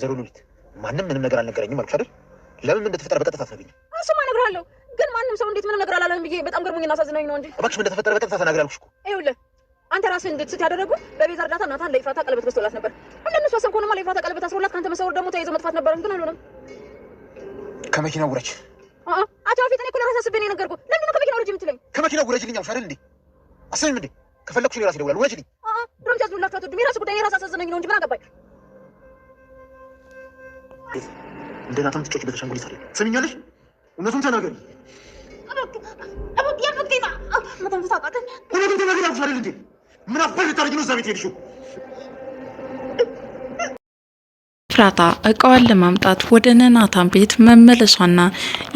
ወይዘሮ ሉሊት ማንም ምንም ነገር አልነገረኝም አልኩሽ አይደል? ለምን እንደተፈጠረ በቀጥታ አትነግሪኝም? እሱማ እነግርሃለሁ፣ ግን ማንም ሰው እንዴት ምንም ነገር አላለም ብዬ በጣም ገርሞኝና አሳዝናኝ ነው እንጂ። እባክሽ ምን እንደተፈጠረ በቀጥታ ተናግሪ አልኩሽ እኮ። ይኸውልህ አንተ ራስህ እንድትስት ያደረጉት በቤዛ እርዳታ ናታን ለይፋታ ቀለበት ገዝቶላት ነበር። እንደነሱ ሀሳብ ከሆነማ ለይፍራታ ቀለበት አስሮላት ከአንተ መሰወር ደግሞ ተያይዞ መጥፋት ነበረ፣ ግን አልሆነም። ከመኪና ውረጅ። አቶ ፊት እኔ እኮ ለራሴ አስቤ ነው የነገርኩህ። ነው ከመኪና ውረጅ የምትለኝ? ከመኪና ውረጅልኝ አልኩሽ አይደል እንዴ? አስብም እንዴ? ከፈለግኩሽ እኔ ራሴ እደውላለሁ። ውረጅልኝ። ድሮም ሲያዝኑላችሁ አትወዱም። የራስህ ጉዳይ እኔ ራሴ አሳዝነኝ ነው እንጂ ምን አገባኝ እንደ ናታን ትጮችበት አሻንጉሊት አይደለም። ሰሚኛለሽ? እውነቱን ተናገሪ። ምን አባሽ ታደርጊ ነው እዛ ቤት ሄድሽው? ኤፍራታ እቃዋን ለማምጣት ወደ ነናታን ቤት መመለሷና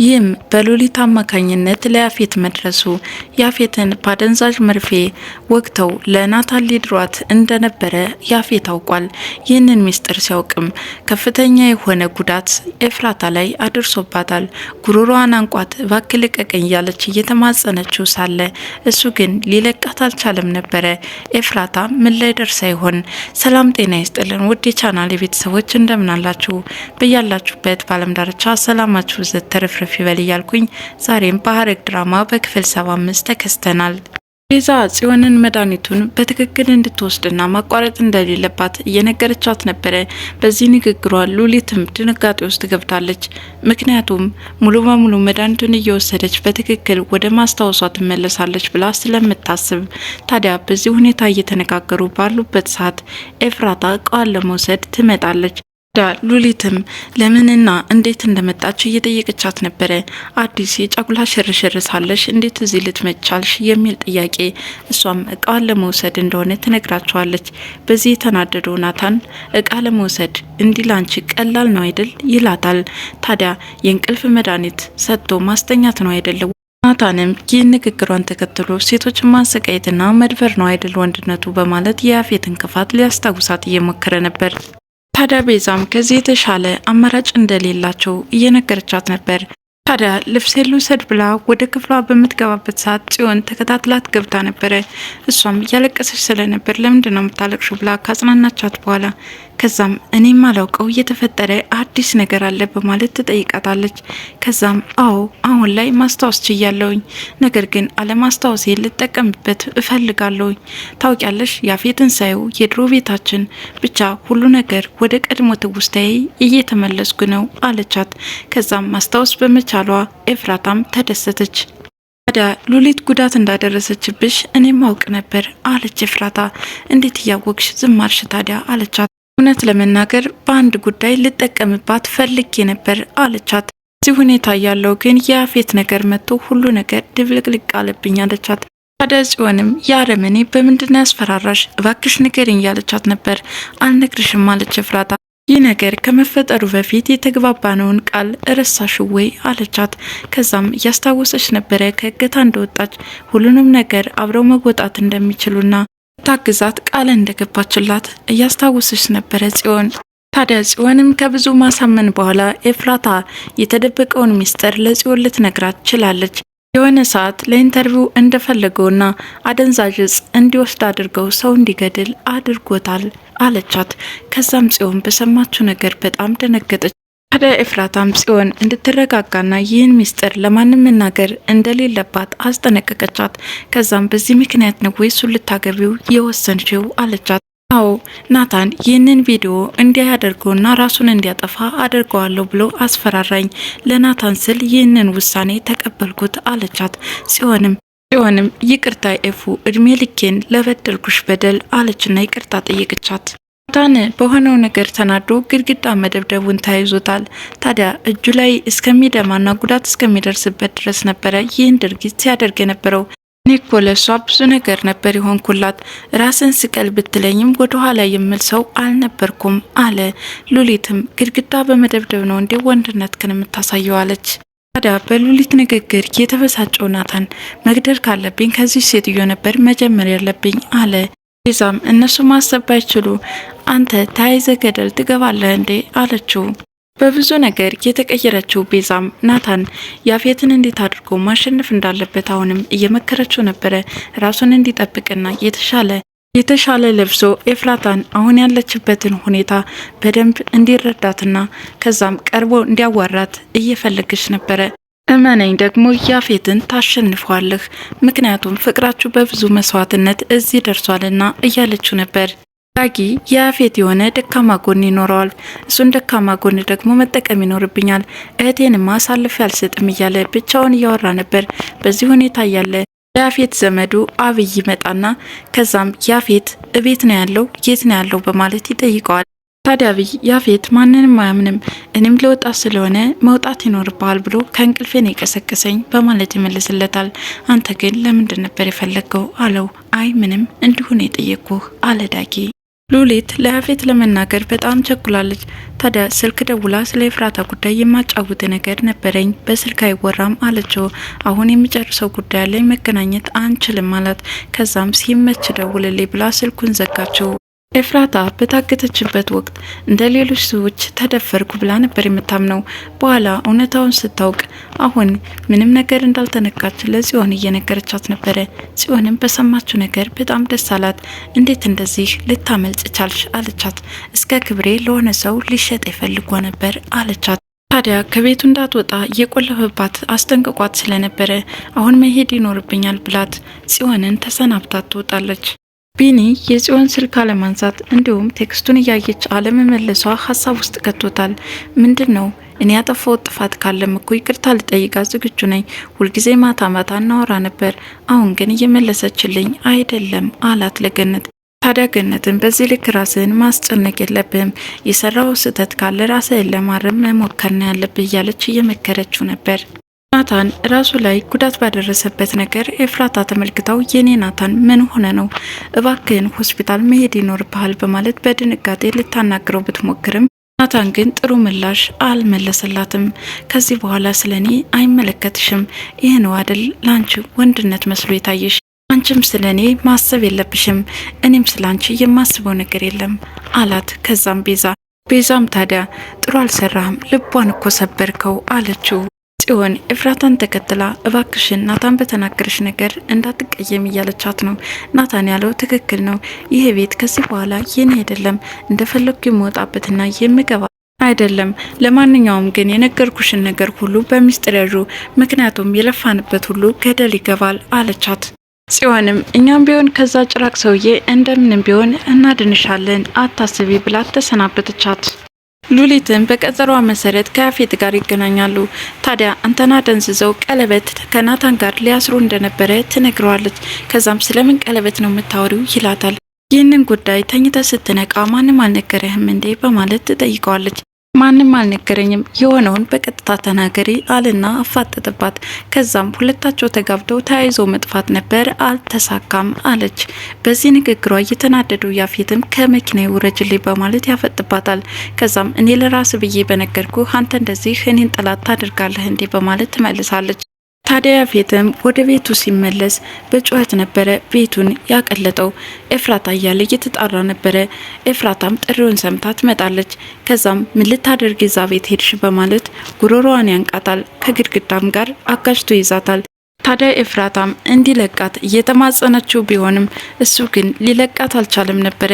ይህም በሎሊት አማካኝነት ለያፌት መድረሱ ያፌትን ባደንዛዥ መርፌ ወግተው ለናታን ሊድሯት እንደነበረ ያፌት አውቋል። ይህንን ሚስጥር ሲያውቅም ከፍተኛ የሆነ ጉዳት ኤፍራታ ላይ አድርሶባታል። ጉሮሯዋን አንቋት እባክህ ልቀቀኝ እያለች እየተማጸነችው ሳለ እሱ ግን ሊለቃት አልቻለም ነበረ። ኤፍራታ ምን ላይ ደርሳ ይሆን? ሰላም ጤና ይስጥልን ውድ የቻናል የቤተሰቦች እንደ እንደምን አላችሁ? በያላችሁበት በዓለም ዳርቻ ሰላማችሁ ዘት ተረፍረፍ ይበል እያልኩኝ ዛሬም በሐረግ ድራማ በክፍል 75 ተከስተናል። ቤዛ ጽዮንን መድኃኒቱን በትክክል እንድትወስድና ማቋረጥ እንደሌለባት እየነገረቻት ነበረ። በዚህ ንግግሯ ሉሊትም ድንጋጤ ውስጥ ገብታለች። ምክንያቱም ሙሉ በሙሉ መድኃኒቱን እየወሰደች በትክክል ወደ ማስታወሷ ትመለሳለች ብላ ስለምታስብ፣ ታዲያ በዚህ ሁኔታ እየተነጋገሩ ባሉበት ሰዓት ኤፍራታ እቃዋን ለመውሰድ ትመጣለች። ዳ ሉሊትም ለምንና እንዴት እንደመጣች እየጠየቀቻት ነበረ። አዲስ የጫጉላ ሽርሽር ሳለሽ እንዴት እዚህ ልትመቻልሽ የሚል ጥያቄ እሷም እቃዋን ለመውሰድ እንደሆነ ትነግራቸዋለች። በዚህ የተናደደው ናታን እቃ ለመውሰድ እንዲህ ላንቺ ቀላል ነው አይደል ይላታል። ታዲያ የእንቅልፍ መድኃኒት ሰጥቶ ማስተኛት ነው አይደለም ናታንም ይህ ንግግሯን ተከትሎ ሴቶችን ማሰቃየትና መድፈር ነው አይደል ወንድነቱ በማለት የያፌትን ክፋት ሊያስታውሳት እየሞከረ ነበር። ታዲያ ቤዛም ከዚህ የተሻለ አማራጭ እንደሌላቸው እየነገረቻት ነበር። ታዲያ ልብሴን ልውሰድ ብላ ወደ ክፍሏ በምትገባበት ሰዓት ጽዮን ተከታትላት ገብታ ነበረ። እሷም እያለቀሰች ስለነበር ለምንድን ነው የምታለቅሹ ብላ ካጽናናቻት በኋላ ከዛም እኔም አላውቀው እየተፈጠረ አዲስ ነገር አለ በማለት ትጠይቃታለች። ከዛም አዎ አሁን ላይ ማስታወስ ችያለውኝ፣ ነገር ግን አለማስታወሴ ልጠቀምበት እፈልጋለውኝ። ታውቂያለሽ፣ ያፌትን ሳየው የድሮ ቤታችን ብቻ ሁሉ ነገር ወደ ቀድሞ ትውስታዬ እየተመለስኩ ነው አለቻት። ከዛም ማስታወስ በመቻ በመቻሏ ኤፍራታም ተደሰተች። ታዲያ ሉሊት ጉዳት እንዳደረሰችብሽ እኔም አውቅ ነበር አለች ኤፍራታ። እንዴት እያወቅሽ ዝም አልሽ ታዲያ አለቻት። እውነት ለመናገር በአንድ ጉዳይ ልጠቀምባት ፈልጌ ነበር አለቻት። እዚህ ሁኔታ ያለው ግን የአፌት ነገር መጥቶ ሁሉ ነገር ድብልቅልቅ አለብኝ አለቻት። ታዲያ ጽዮንም ያረመኔ በምንድን ያስፈራራሽ እባክሽ ንገሪኝ ያለቻት ነበር። አልነግርሽም አለች ኤፍራታ ይህ ነገር ከመፈጠሩ በፊት የተግባባነውን ቃል እረሳሽ ወይ አለቻት። ከዛም እያስታወሰች ነበረ ከእገታ እንደወጣች ሁሉንም ነገር አብረው መወጣት እንደሚችሉና ታግዛት ቃል እንደገባችላት እያስታወሰች ነበረ ጽዮን። ታዲያ ጽዮንም ከብዙ ማሳመን በኋላ ኤፍራታ የተደበቀውን ሚስጥር ለጽዮን ልትነግራት ችላለች። የሆነ ሰዓት ለኢንተርቪው እንደፈለገውና አደንዛዥ እጽ እንዲወስድ አድርገው ሰው እንዲገድል አድርጎታል። አለቻት። ከዛም ጽዮን በሰማችው ነገር በጣም ደነገጠች። ታዲያ ኤፍራታም ጽዮን እንድትረጋጋና ይህን ሚስጥር ለማንም መናገር እንደሌለባት አስጠነቀቀቻት። ከዛም በዚህ ምክንያት ነው ወይ እሱን ልታገቢው የወሰንሽው አለቻት። አዎ ናታን ይህንን ቪዲዮ እንዲያደርገውና ራሱን እንዲያጠፋ አድርገዋለሁ ብሎ አስፈራራኝ። ለናታን ስል ይህንን ውሳኔ ተቀበልኩት አለቻት ጽዮንም ሲሆንም ይቅርታ ኤፉ እድሜ ልኬን ለበደልኩሽ በደል አለችና ይቅርታ ጠየቅቻት። ናታን በሆነው ነገር ተናዶ ግድግዳ መደብደቡን ተያይዞታል። ታዲያ እጁ ላይ እስከሚደማና ጉዳት እስከሚደርስበት ድረስ ነበረ ይህን ድርጊት ሲያደርግ የነበረው። እኔ እኮ ብዙ ነገር ነበር የሆንኩላት፣ ራስን ስቀል ብትለኝም ወደኋላ የምል ሰው አልነበርኩም አለ። ሉሊትም ግድግዳ በመደብደብ ነው እንዴ ወንድነት ክን አለች። ታዲያ በሉሊት ንግግር የተበሳጨው ናታን መግደል ካለብኝ ከዚህ ሴትዮ ነበር መጀመር ያለብኝ አለ። ቤዛም እነሱ ማሰብ ባይችሉ አንተ ተያይዘ ገደል ትገባለህ እንዴ አለችው። በብዙ ነገር የተቀየረችው ቤዛም ናታን ያፌትን እንዴት አድርጎ ማሸነፍ እንዳለበት አሁንም እየመከረችው ነበረ። ራሱን እንዲጠብቅና የተሻለ የተሻለ ለብሶ ኤፍራታን አሁን ያለችበትን ሁኔታ በደንብ እንዲረዳትና ከዛም ቀርቦ እንዲያዋራት እየፈለገች ነበረ። እመነኝ ደግሞ ያፌትን ታሸንፏለህ፣ ምክንያቱም ፍቅራችሁ በብዙ መስዋዕትነት እዚህ ደርሷልና እያለችው ነበር። ዳጊ የያፌት የሆነ ደካማ ጎን ይኖረዋል። እሱን ደካማ ጎን ደግሞ መጠቀም ይኖርብኛል፣ እህቴንማ አሳልፌ አልሰጥም እያለ ብቻውን እያወራ ነበር። በዚህ ሁኔታ እያለ የአፌት ዘመዱ አብይ ይመጣና ከዛም ያፌት እቤት ነው ያለው የት ነው ያለው በማለት ይጠይቀዋል። ታዲያ አብይ ያፌት ማንንም አያምንም፣ እኔም ለወጣት ስለሆነ መውጣት ይኖርብሃል ብሎ ከእንቅልፌን የቀሰቀሰኝ በማለት ይመልስለታል። አንተ ግን ለምንድን ነበር የፈለገው አለው። አይ ምንም እንዲሁ ነው የጠየቅኩህ አለ ሉሊት ለያፌት ለመናገር በጣም ቸኩላለች። ታዲያ ስልክ ደውላ ስለ ኤፍራታ ጉዳይ የማጫውት ነገር ነበረኝ፣ በስልክ አይወራም አለችው። አሁን የሚጨርሰው ጉዳይ ላይ መገናኘት አንችልም አላት። ከዛም ሲመች ደውልልኝ ብላ ስልኩን ዘጋችው። ኤፍራታ በታገተችበት ወቅት እንደ ሌሎች ሰዎች ተደፈርኩ ብላ ነበር የምታምነው። በኋላ እውነታውን ስታውቅ አሁን ምንም ነገር እንዳልተነካች ለጽዮን እየነገረቻት ነበረ። ጽዮንም በሰማችው ነገር በጣም ደስ አላት። እንዴት እንደዚህ ልታመልጥ ቻልሽ? አለቻት። እስከ ክብሬ ለሆነ ሰው ሊሸጥ የፈልጎ ነበር አለቻት። ታዲያ ከቤቱ እንዳትወጣ እየቆለፈባት አስጠንቅቋት ስለነበረ አሁን መሄድ ይኖርብኛል ብላት ጽዮንን ተሰናብታት ትወጣለች። ቢኒ የጽዮን ስልክ አለማንሳት እንዲሁም ቴክስቱን እያየች አለመመለሷ ሀሳብ ውስጥ ከቶታል። ምንድን ነው እኔ ያጠፋ ጥፋት ካለም እኮ ይቅርታ ልጠይቃት ዝግጁ ነኝ። ሁልጊዜ ማታ ማታ እናወራ ነበር፣ አሁን ግን እየመለሰችልኝ አይደለም አላት ለገነት። ታዲያ ገነትን በዚህ ልክ ራስህን ማስጨነቅ የለብህም፣ የሰራው ስህተት ካለ ራስህን ለማረም መሞከር ነው ያለብህ እያለች እየመከረችው ነበር። ናታን ራሱ ላይ ጉዳት ባደረሰበት ነገር ኤፍራታ ተመልክተው የኔ ናታን ምን ሆነ ነው እባክህን ሆስፒታል መሄድ ይኖርብሃል በማለት በድንጋጤ ልታናግረው ብትሞክርም ናታን ግን ጥሩ ምላሽ አልመለሰላትም። ከዚህ በኋላ ስለ እኔ አይመለከትሽም፣ ይህ ነው አደል ለአንቺ ወንድነት መስሎ የታየሽ? አንቺም ስለ እኔ ማሰብ የለብሽም፣ እኔም ስለ አንቺ የማስበው ነገር የለም አላት። ከዛም ቤዛ ቤዛም ታዲያ ጥሩ አልሰራህም፣ ልቧን እኮ ሰበርከው አለችው። ጽዮን እፍራታን ተከትላ እባክሽን ናታን በተናገረሽ ነገር እንዳትቀየም እያለቻት ነው። ናታን ያለው ትክክል ነው። ይህ ቤት ከዚህ በኋላ የኔ አይደለም፣ እንደፈለግኩ የምወጣበትና የምገባ አይደለም። ለማንኛውም ግን የነገርኩሽን ነገር ሁሉ በሚስጥር ያዡ፣ ምክንያቱም የለፋንበት ሁሉ ገደል ይገባል አለቻት። ጽዮንም እኛም ቢሆን ከዛ ጭራቅ ሰውዬ እንደምንም ቢሆን እናድንሻለን፣ አታስቢ ብላት ተሰናበተቻት። ሉሊትን በቀጠሯ መሰረት ከያፌት ጋር ይገናኛሉ። ታዲያ አንተና ደንዝዘው ቀለበት ከናታን ጋር ሊያስሩ እንደነበረ ትነግረዋለች። ከዛም ስለምን ቀለበት ነው የምታወሪው ይላታል። ይህንን ጉዳይ ተኝተ ስትነቃ ማንም አልነገረህም እንዴ በማለት ትጠይቀዋለች። ማንም አልነገረኝም፣ የሆነውን በቀጥታ ተናገሪ አልና አፋጠጥባት ከዛም ሁለታቸው ተጋብተው ተያይዞ መጥፋት ነበር፣ አልተሳካም አለች። በዚህ ንግግሯ እየተናደዱ ያፌትም ከመኪና ውረጅልኝ በማለት ያፈጥባታል። ከዛም እኔ ለራስ ብዬ በነገርኩ አንተ እንደዚህ እኔን ጠላት ታደርጋለህ እንዴ በማለት ትመልሳለች። ታዲያ ያፌትም ወደ ቤቱ ሲመለስ በጩኸት ነበረ ቤቱን ያቀለጠው። ኤፍራታ እያለ እየተጣራ ነበረ። ኤፍራታም ጥሪውን ሰምታ ትመጣለች። ከዛም ምን ልታደርግ እዛ ቤት ሄድሽ በማለት ጉሮሮዋን ያንቃታል። ከግድግዳም ጋር አጋጅቶ ይዛታል። ታዲያ ኤፍራታም እንዲለቃት እየተማጸነችው ቢሆንም እሱ ግን ሊለቃት አልቻለም ነበረ።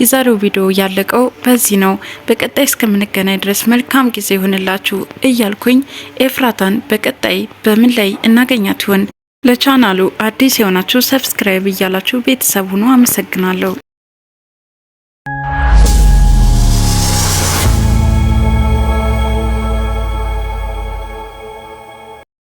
የዛሬው ቪዲዮ ያለቀው በዚህ ነው። በቀጣይ እስከምንገናኝ ድረስ መልካም ጊዜ ይሆንላችሁ እያልኩኝ ኤፍራታን በቀጣይ በምን ላይ እናገኛት ይሆን? ለቻናሉ አዲስ የሆናችሁ ሰብስክራይብ እያላችሁ ቤተሰብ ሁኑ። አመሰግናለሁ።